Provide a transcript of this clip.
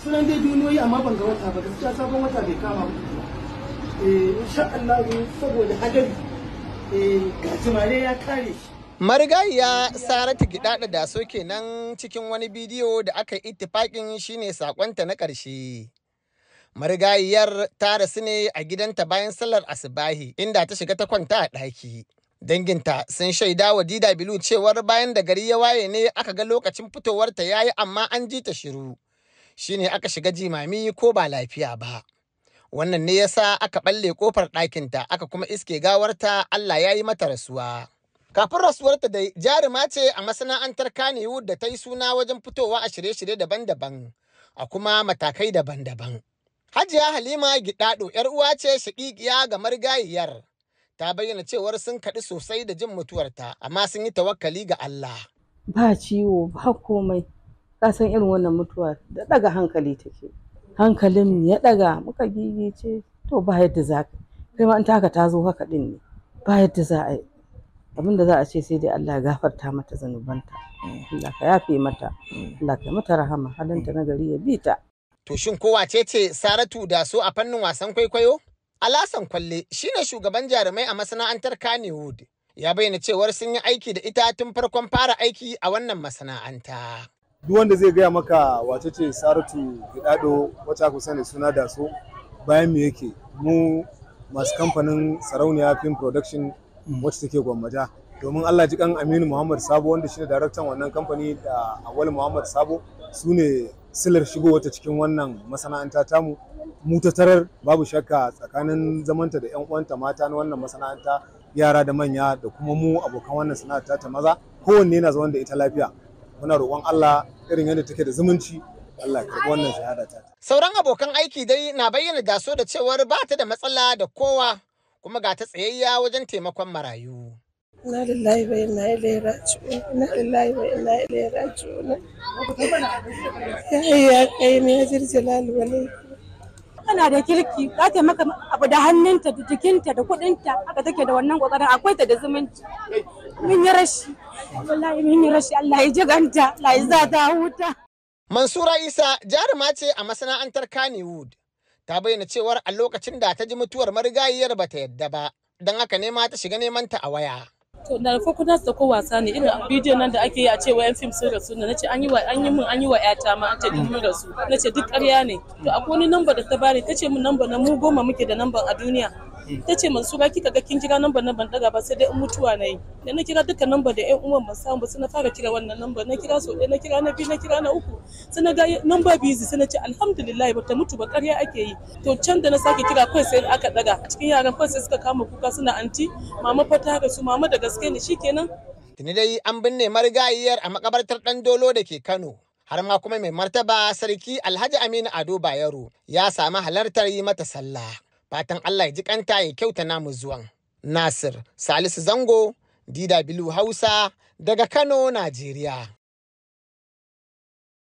sunan dai duniyoyi amma ban ga wata ba gaskiya sabon wata bai kama ba eh, insha Allah saboda hadari eh, gajimare ya kare shi Marigayiya Saratu Gidada da so kenan cikin wani bidiyo da aka yi ittifakin shine sakonta na ƙarshe. Marigayiyar ta rasu ne a gidanta bayan sallar asibahi inda ta shiga ta kwanta a ɗaki. Danginta sun shaida wa Dida Bilu cewar bayan da gari ya waye ne aka ga lokacin fitowarta ya yi amma an ji ta shiru. shine aka shiga jimami ko ba lafiya ba. Wannan ne yasa aka balle kofar ɗakinta aka kuma iske gawarta Allah ya yi mata rasuwa. Kafin rasuwarta da jaruma ce a masana'antar Kannywood da ta yi suna wajen fitowa a shirye-shirye daban-daban a kuma matakai daban-daban. Hajiya Halima Gidado ‘yar uwa ce shaƙiƙiya ga marigayiyar. Ta bayyana cewar sun kaɗi sosai da jin mutuwarta, amma sun yi tawakkali ga Allah. Ba ciwo, ba komai. ka san irin wannan mutuwa da daga hankali take hankalin ya daga muka gigice to ba yadda za ka kai ma in taka ta zo haka din ne ba yadda za a abin da za a ce sai dai Allah ya gafarta mata zanubanta mm. Allah ka yafe mata mm. Allah ka mata rahama halinta na gari ya bi ta to shin ko wace ce Saratu da su a fannin wasan kwaikwayo Alasan Kwalle shine shugaban jarumai a masana'antar Kanewood ya bayyana cewar sun yi aiki da ita tun farkon fara aiki a wannan masana'anta duk wanda zai gaya maka wace ce saratu gidado wacce aka sani suna da so bayan mu yake mu masu kamfanin sarauniya film production wacce take gwammaja domin allah ji kan aminu muhammad sabo wanda shi daraktan wannan kamfani da awal muhammad sabo su ne silar shigo wata cikin wannan masana'anta tamu mu ta tarar babu shakka tsakanin zamanta da yan uwanta mata na wannan masana'anta yara da manya da kuma mu abokan wannan sana'ar ta maza kowanne yana zaman da ita lafiya muna roƙon Allah irin yadda take da zumunci Allah karɓi wannan shahada ta. Sauran abokan aiki dai na bayyana daso da cewar ba ta da matsala da kowa kuma ga ta tsayayya wajen taimakon marayu. Na lillahi wa inna ilaihi raji'un. Ina lillahi wa inna ilaihi Ya ya kai ne ya jirjilal walai. Kana da kirki, za ta maka abu da hannunta, da jikinta, da kudinta haka take da wannan ƙoƙarin akwai ta da zumunci. Mun yi rashi, wallahi mun yi rashi Allah ya Allah za huta Mansura Isa jaruma ce a masana'antar Kannywood ta bayyana cewar a lokacin da ta ji mutuwar marigayiyar bata yadda ba don haka ne ta shiga neman ta a waya to da farko su ko wasa ne irin bidiyon nan da ake yi a ce wayan fim sun rasu na nace an yi wa an yi mun an yi wa yata ma an ce duk mun rasu nace duk ƙarya ne to akwai wani namba da ta bani tace mun namba na mu goma muke da number a duniya ta ce mansura kika ga kin kira namba na ban daga ba sai dai in mutuwa na yi da na kira duka namba da yan uwan ban samu ba sai na fara kira wannan namba na kira so na kira na biyu na kira na uku sai na ga namba busy sai na ce alhamdulillah ba ta mutu ba ƙarya ake yi to can da na sake kira kai sai aka daga cikin yaran kai sai suka kama kuka suna anti mama fa ta su mama da gaske ne shikenan tuni dai an binne marigayiyar a makabartar dan dolo da ke Kano har ma kuma mai martaba sarki Alhaji Aminu Ado Bayero ya sami halartar yi mata sallah Fatan Allah ya ji kanta ya kyauta namu zuwan. Nasir Salisu Zango, DW Hausa, daga Kano, Najeriya.